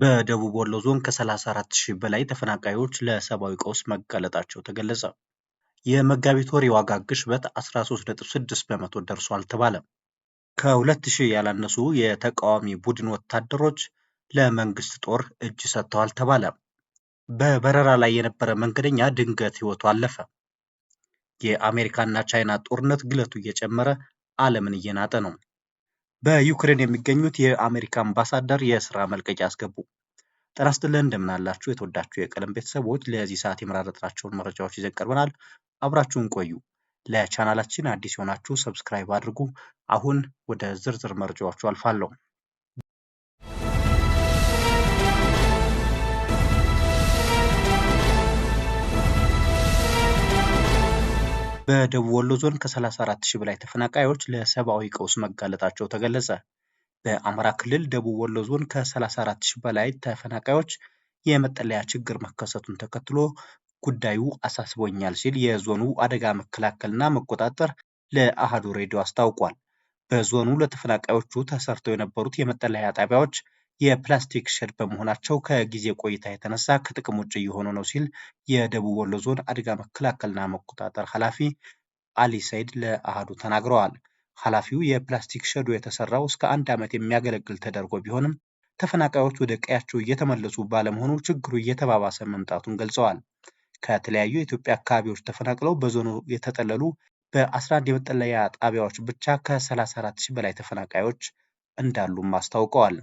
በደቡብ ወሎ ዞን ከ34 ሺህ በላይ ተፈናቃዮች ለሰብአዊ ቀውስ መጋለጣቸው ተገለጸ። የመጋቢት ወር የዋጋ ግሽበት 13.6 በመቶ ደርሷል ተባለ። ከሁለት ሺህ ያላነሱ የተቃዋሚ ቡድን ወታደሮች ለመንግስት ጦር እጅ ሰጥተዋል ተባለ። በበረራ ላይ የነበረ መንገደኛ ድንገት ህይወቱ አለፈ። የአሜሪካና ቻይና ጦርነት ግለቱ እየጨመረ ዓለምን እየናጠ ነው። በዩክሬን የሚገኙት የአሜሪካ አምባሳደር የስራ መልቀቂያ አስገቡ። ጤና ይስጥልን እንደምናላችሁ የተወዳችሁ የቀለም ቤተሰቦች፣ ለዚህ ሰዓት የመራረጥናቸውን መረጃዎች ይዘን ቀርበናል። አብራችሁን ቆዩ። ለቻናላችን አዲስ የሆናችሁ ሰብስክራይብ አድርጉ። አሁን ወደ ዝርዝር መረጃዎቹ አልፋለሁ። በደቡብ ወሎ ዞን ከ34 ሺህ በላይ ተፈናቃዮች ለሰብአዊ ቀውስ መጋለጣቸው ተገለጸ። በአማራ ክልል ደቡብ ወሎ ዞን ከ34 ሺህ በላይ ተፈናቃዮች የመጠለያ ችግር መከሰቱን ተከትሎ ጉዳዩ አሳስቦኛል ሲል የዞኑ አደጋ መከላከልና መቆጣጠር ለአሃዱ ሬዲዮ አስታውቋል። በዞኑ ለተፈናቃዮቹ ተሰርተው የነበሩት የመጠለያ ጣቢያዎች የፕላስቲክ ሸር በመሆናቸው ከጊዜ ቆይታ የተነሳ ከጥቅም ውጭ እየሆኑ ነው ሲል የደቡብ ወሎ ዞን አደጋ መከላከልና መቆጣጠር ኃላፊ አሊ ሰይድ ለአሃዱ ተናግረዋል። ኃላፊው የፕላስቲክ ሸዱ የተሰራው እስከ አንድ ዓመት የሚያገለግል ተደርጎ ቢሆንም ተፈናቃዮች ወደ ቀያቸው እየተመለሱ ባለመሆኑ ችግሩ እየተባባሰ መምጣቱን ገልጸዋል። ከተለያዩ የኢትዮጵያ አካባቢዎች ተፈናቅለው በዞኑ የተጠለሉ በ11 የመጠለያ ጣቢያዎች ብቻ ከ34 ሺህ በላይ ተፈናቃዮች እንዳሉም አስታውቀዋል።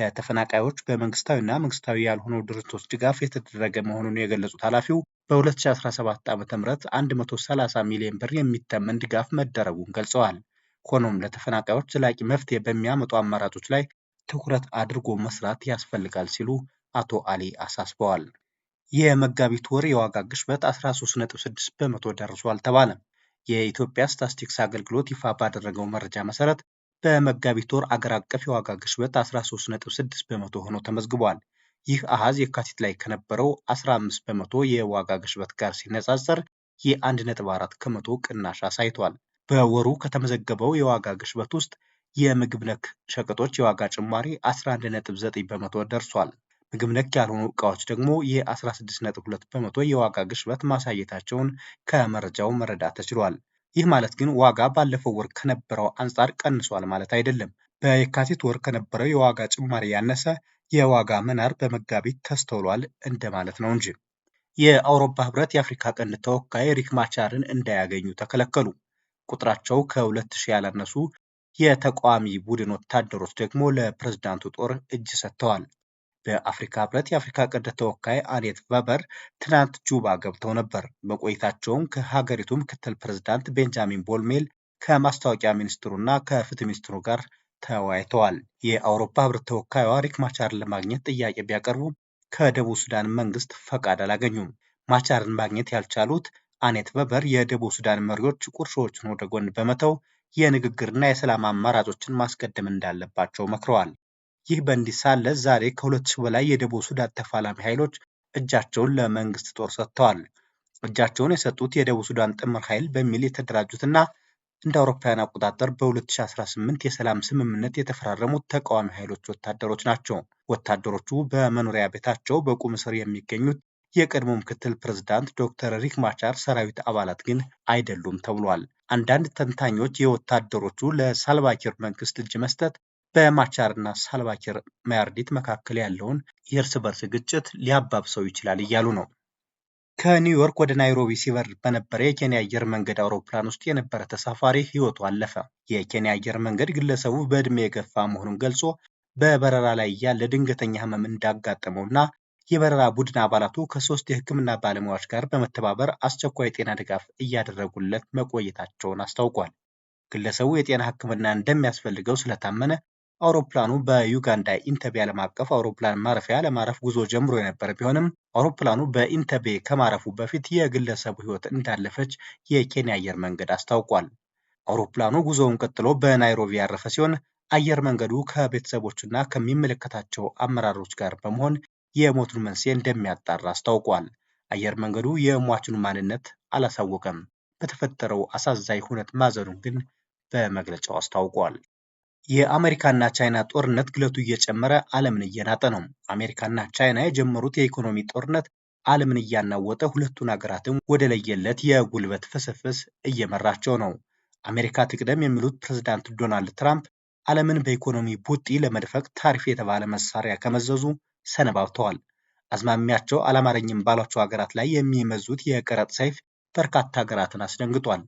ለተፈናቃዮች በመንግስታዊና መንግስታዊ ያልሆኑ ድርጅቶች ድጋፍ የተደረገ መሆኑን የገለጹት ኃላፊው በ2017 ዓ ም 130 ሚሊዮን ብር የሚተመን ድጋፍ መደረጉን ገልጸዋል። ሆኖም ለተፈናቃዮች ዘላቂ መፍትሄ በሚያመጡ አማራጮች ላይ ትኩረት አድርጎ መስራት ያስፈልጋል ሲሉ አቶ አሊ አሳስበዋል። የመጋቢት ወር የዋጋ ግሽበት 13.6 በመቶ ደርሷል ተባለ። የኢትዮጵያ ስታስቲክስ አገልግሎት ይፋ ባደረገው መረጃ መሰረት በመጋቢት ወር አገር አቀፍ የዋጋ ግሽበት 13.6 በመቶ ሆኖ ተመዝግቧል። ይህ አሃዝ የካቲት ላይ ከነበረው 15 በመቶ የዋጋ ግሽበት ጋር ሲነጻጸር የ1.4 ከመቶ ቅናሽ አሳይቷል። በወሩ ከተመዘገበው የዋጋ ግሽበት ውስጥ የምግብ ነክ ሸቀጦች የዋጋ ጭማሪ 11.9 በመቶ ደርሷል። ምግብ ነክ ያልሆኑ እቃዎች ደግሞ የ16.2 በመቶ የዋጋ ግሽበት ማሳየታቸውን ከመረጃው መረዳት ተችሏል። ይህ ማለት ግን ዋጋ ባለፈው ወር ከነበረው አንጻር ቀንሷል ማለት አይደለም። በየካቲት ወር ከነበረው የዋጋ ጭማሪ ያነሰ የዋጋ መናር በመጋቢት ተስተውሏል እንደማለት ነው እንጂ። የአውሮፓ ህብረት የአፍሪካ ቀንድ ተወካይ ሪክ ማቻርን እንዳያገኙ ተከለከሉ። ቁጥራቸው ከሁለት ሺህ ያላነሱ የተቃዋሚ ቡድን ወታደሮች ደግሞ ለፕሬዝዳንቱ ጦር እጅ ሰጥተዋል። በአፍሪካ ህብረት የአፍሪካ ቀንድ ተወካይ አኔት ቨበር ትናንት ጁባ ገብተው ነበር። በቆይታቸውም ከሀገሪቱ ምክትል ፕሬዝዳንት ቤንጃሚን ቦልሜል ከማስታወቂያ ሚኒስትሩና ከፍትህ ሚኒስትሩ ጋር ተወያይተዋል። የአውሮፓ ህብረት ተወካይዋ ሪክ ማቻርን ለማግኘት ጥያቄ ቢያቀርቡ ከደቡብ ሱዳን መንግስት ፈቃድ አላገኙም። ማቻርን ማግኘት ያልቻሉት አኔት ቨበር የደቡብ ሱዳን መሪዎች ቁርሾዎችን ወደ ጎን በመተው የንግግርና የሰላም አማራጮችን ማስቀደም እንዳለባቸው መክረዋል። ይህ በእንዲህ ሳለ ዛሬ ከ2000 በላይ የደቡብ ሱዳን ተፋላሚ ኃይሎች እጃቸውን ለመንግስት ጦር ሰጥተዋል። እጃቸውን የሰጡት የደቡብ ሱዳን ጥምር ኃይል በሚል የተደራጁትና እንደ አውሮፓውያን አቆጣጠር በ2018 የሰላም ስምምነት የተፈራረሙት ተቃዋሚ ኃይሎች ወታደሮች ናቸው። ወታደሮቹ በመኖሪያ ቤታቸው በቁም ስር የሚገኙት የቀድሞ ምክትል ፕሬዝዳንት ዶክተር ሪክ ማቻር ሰራዊት አባላት ግን አይደሉም ተብሏል። አንዳንድ ተንታኞች የወታደሮቹ ለሳልቫኪር መንግስት እጅ መስጠት በማቻርና ሳልቫኪር ማያርዲት መካከል ያለውን የእርስ በርስ ግጭት ሊያባብሰው ይችላል እያሉ ነው። ከኒውዮርክ ወደ ናይሮቢ ሲበር በነበረ የኬንያ አየር መንገድ አውሮፕላን ውስጥ የነበረ ተሳፋሪ ህይወቱ አለፈ። የኬንያ አየር መንገድ ግለሰቡ በዕድሜ የገፋ መሆኑን ገልጾ በበረራ ላይ ያለ ድንገተኛ እንዳጋጠመው እና የበረራ ቡድን አባላቱ ከሶስት የህክምና ባለሙያዎች ጋር በመተባበር አስቸኳይ የጤና ድጋፍ እያደረጉለት መቆየታቸውን አስታውቋል። ግለሰቡ የጤና ህክምና እንደሚያስፈልገው ስለታመነ አውሮፕላኑ በዩጋንዳ ኢንተቤ ዓለም አቀፍ አውሮፕላን ማረፊያ ለማረፍ ጉዞ ጀምሮ የነበረ ቢሆንም አውሮፕላኑ በኢንተቤ ከማረፉ በፊት የግለሰቡ ሕይወት እንዳለፈች የኬንያ አየር መንገድ አስታውቋል። አውሮፕላኑ ጉዞውን ቀጥሎ በናይሮቢ ያረፈ ሲሆን አየር መንገዱ ከቤተሰቦችና ከሚመለከታቸው አመራሮች ጋር በመሆን የሞቱን መንስኤ እንደሚያጣራ አስታውቋል። አየር መንገዱ የሟቹን ማንነት አላሳወቀም። በተፈጠረው አሳዛኝ ሁነት ማዘኑን ግን በመግለጫው አስታውቋል። የአሜሪካና ቻይና ጦርነት ግለቱ እየጨመረ ዓለምን እየናጠ ነው። አሜሪካና ቻይና የጀመሩት የኢኮኖሚ ጦርነት ዓለምን እያናወጠ ሁለቱን ሀገራትም ወደ ለየለት የጉልበት ፍስፍስ እየመራቸው ነው። አሜሪካ ትቅደም የሚሉት ፕሬዝዳንት ዶናልድ ትራምፕ ዓለምን በኢኮኖሚ ቡጢ ለመድፈቅ ታሪፍ የተባለ መሳሪያ ከመዘዙ ሰነባብተዋል። አዝማሚያቸው አላማረኝም ባሏቸው ሀገራት ላይ የሚመዙት የቀረጥ ሰይፍ በርካታ ሀገራትን አስደንግጧል።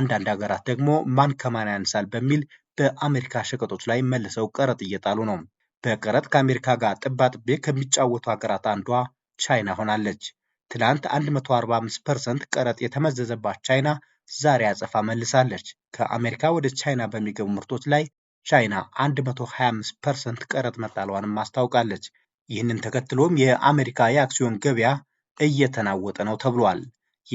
አንዳንድ ሀገራት ደግሞ ማን ከማን ያንሳል በሚል በአሜሪካ ሸቀጦች ላይ መልሰው ቀረጥ እየጣሉ ነው። በቀረጥ ከአሜሪካ ጋር ጥባጥቤ ከሚጫወቱ ሀገራት አንዷ ቻይና ሆናለች። ትናንት 145 ፐርሰንት ቀረጥ የተመዘዘባት ቻይና ዛሬ አጸፋ መልሳለች። ከአሜሪካ ወደ ቻይና በሚገቡ ምርቶች ላይ ቻይና 125 ፐርሰንት ቀረጥ መጣሏንም አስታውቃለች። ይህንን ተከትሎም የአሜሪካ የአክሲዮን ገበያ እየተናወጠ ነው ተብሏል።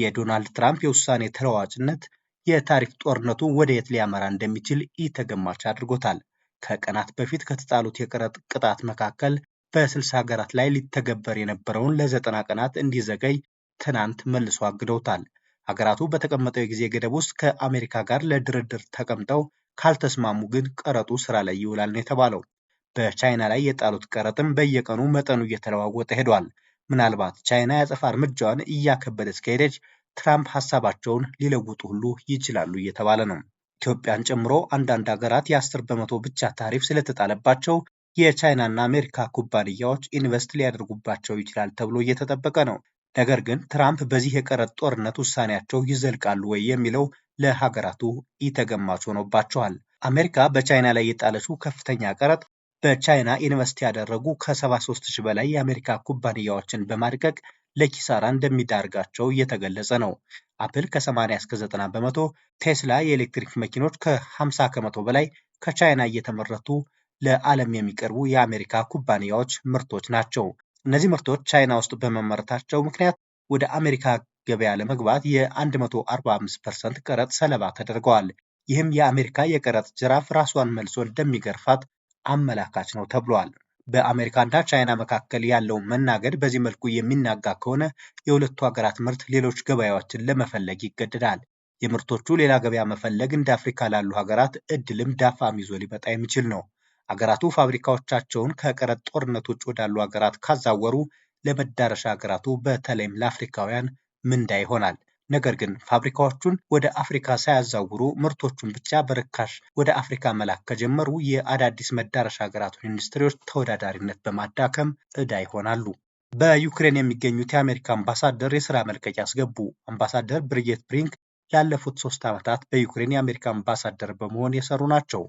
የዶናልድ ትራምፕ የውሳኔ ተለዋዋጭነት የታሪፍ ጦርነቱ ወደየት ሊያመራ እንደሚችል ኢተገማች አድርጎታል። ከቀናት በፊት ከተጣሉት የቀረጥ ቅጣት መካከል በ60 ሀገራት ላይ ሊተገበር የነበረውን ለ90 ቀናት እንዲዘገይ ትናንት መልሶ አግደውታል። ሀገራቱ በተቀመጠው የጊዜ ገደብ ውስጥ ከአሜሪካ ጋር ለድርድር ተቀምጠው ካልተስማሙ ግን ቀረጡ ስራ ላይ ይውላል ነው የተባለው። በቻይና ላይ የጣሉት ቀረጥም በየቀኑ መጠኑ እየተለዋወጠ ሄዷል። ምናልባት ቻይና ያጸፋ እርምጃዋን እያከበደች ከሄደች ትራምፕ ሀሳባቸውን ሊለውጡ ሁሉ ይችላሉ እየተባለ ነው። ኢትዮጵያን ጨምሮ አንዳንድ ሀገራት የአስር በመቶ ብቻ ታሪፍ ስለተጣለባቸው የቻይናና አሜሪካ ኩባንያዎች ኢንቨስት ሊያደርጉባቸው ይችላል ተብሎ እየተጠበቀ ነው። ነገር ግን ትራምፕ በዚህ የቀረጥ ጦርነት ውሳኔያቸው ይዘልቃሉ ወይ የሚለው ለሀገራቱ ኢተገማች ሆኖባቸዋል። አሜሪካ በቻይና ላይ የጣለችው ከፍተኛ ቀረጥ በቻይና ኢንቨስት ያደረጉ ከ73 ሺህ በላይ የአሜሪካ ኩባንያዎችን በማድቀቅ ለኪሳራ እንደሚዳርጋቸው እየተገለጸ ነው። አፕል ከ80 እስከ 90 በመቶ፣ ቴስላ የኤሌክትሪክ መኪኖች ከ50 ከመቶ በላይ ከቻይና እየተመረቱ ለዓለም የሚቀርቡ የአሜሪካ ኩባንያዎች ምርቶች ናቸው። እነዚህ ምርቶች ቻይና ውስጥ በመመረታቸው ምክንያት ወደ አሜሪካ ገበያ ለመግባት የ145% ቀረጥ ሰለባ ተደርገዋል። ይህም የአሜሪካ የቀረጥ ጅራፍ ራሷን መልሶ እንደሚገርፋት አመላካች ነው ተብሏል። በአሜሪካና ቻይና መካከል ያለውን መናገድ በዚህ መልኩ የሚናጋ ከሆነ የሁለቱ ሀገራት ምርት ሌሎች ገበያዎችን ለመፈለግ ይገደዳል። የምርቶቹ ሌላ ገበያ መፈለግ እንደ አፍሪካ ላሉ ሀገራት እድልም ዳፋም ይዞ ሊመጣ የሚችል ነው። ሀገራቱ ፋብሪካዎቻቸውን ከቀረጥ ጦርነት ውጭ ወዳሉ ሀገራት ካዛወሩ ለመዳረሻ ሀገራቱ በተለይም ለአፍሪካውያን ምንዳ ይሆናል። ነገር ግን ፋብሪካዎቹን ወደ አፍሪካ ሳያዛውሩ ምርቶቹን ብቻ በርካሽ ወደ አፍሪካ መላክ ከጀመሩ የአዳዲስ መዳረሻ ሀገራቱን ኢንዱስትሪዎች ተወዳዳሪነት በማዳከም ዕዳ ይሆናሉ። በዩክሬን የሚገኙት የአሜሪካ አምባሳደር የስራ መልቀቂያ አስገቡ። አምባሳደር ብሪጌት ብሪንክ ላለፉት ሶስት ዓመታት በዩክሬን የአሜሪካ አምባሳደር በመሆን የሰሩ ናቸው።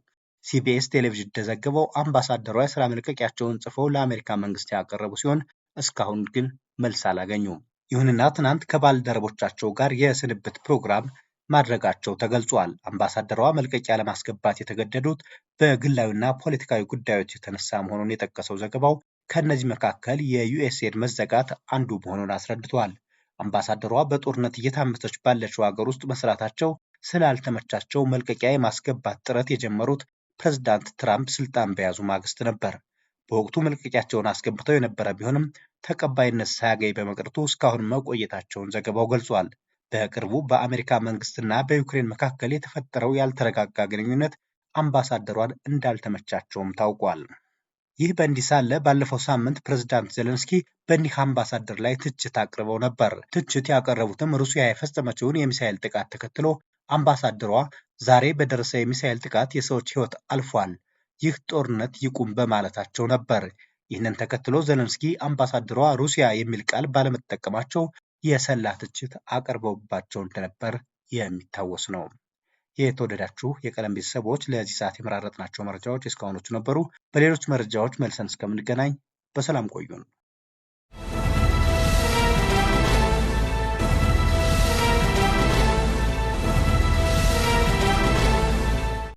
ሲቢኤስ ቴሌቪዥን እንደዘገበው አምባሳደሯ የስራ መልቀቂያቸውን ጽፈው ለአሜሪካ መንግስት ያቀረቡ ሲሆን እስካሁን ግን መልስ አላገኙም። ይሁንና ትናንት ከባልደረቦቻቸው ጋር የስንብት ፕሮግራም ማድረጋቸው ተገልጿል። አምባሳደሯ መልቀቂያ ለማስገባት የተገደዱት በግላዊና ፖለቲካዊ ጉዳዮች የተነሳ መሆኑን የጠቀሰው ዘገባው ከእነዚህ መካከል የዩኤስኤድ መዘጋት አንዱ መሆኑን አስረድቷል። አምባሳደሯ በጦርነት እየታመሰች ባለችው ሀገር ውስጥ መስራታቸው ስላልተመቻቸው መልቀቂያ የማስገባት ጥረት የጀመሩት ፕሬዝዳንት ትራምፕ ስልጣን በያዙ ማግስት ነበር። በወቅቱ መልቀቂያቸውን አስገብተው የነበረ ቢሆንም ተቀባይነት ሳያገኝ በመቅረቱ እስካሁን መቆየታቸውን ዘገባው ገልጿል። በቅርቡ በአሜሪካ መንግስትና በዩክሬን መካከል የተፈጠረው ያልተረጋጋ ግንኙነት አምባሳደሯን እንዳልተመቻቸውም ታውቋል። ይህ በእንዲህ ሳለ ባለፈው ሳምንት ፕሬዝዳንት ዜሌንስኪ በኒህ አምባሳደር ላይ ትችት አቅርበው ነበር። ትችት ያቀረቡትም ሩሲያ የፈጸመችውን የሚሳኤል ጥቃት ተከትሎ አምባሳደሯ ዛሬ በደረሰ የሚሳኤል ጥቃት የሰዎች ሕይወት አልፏል ይህ ጦርነት ይቁም በማለታቸው ነበር። ይህንን ተከትሎ ዘለንስኪ አምባሳደሯ ሩሲያ የሚል ቃል ባለመጠቀማቸው የሰላ ትችት አቅርበውባቸው እንደነበር የሚታወስ ነው። የተወደዳችሁ የቀለም ቤተሰቦች ለዚህ ሰዓት የመራረጥናቸው መረጃዎች እስካሁኖቹ ነበሩ። በሌሎች መረጃዎች መልሰን እስከምንገናኝ በሰላም ቆዩን።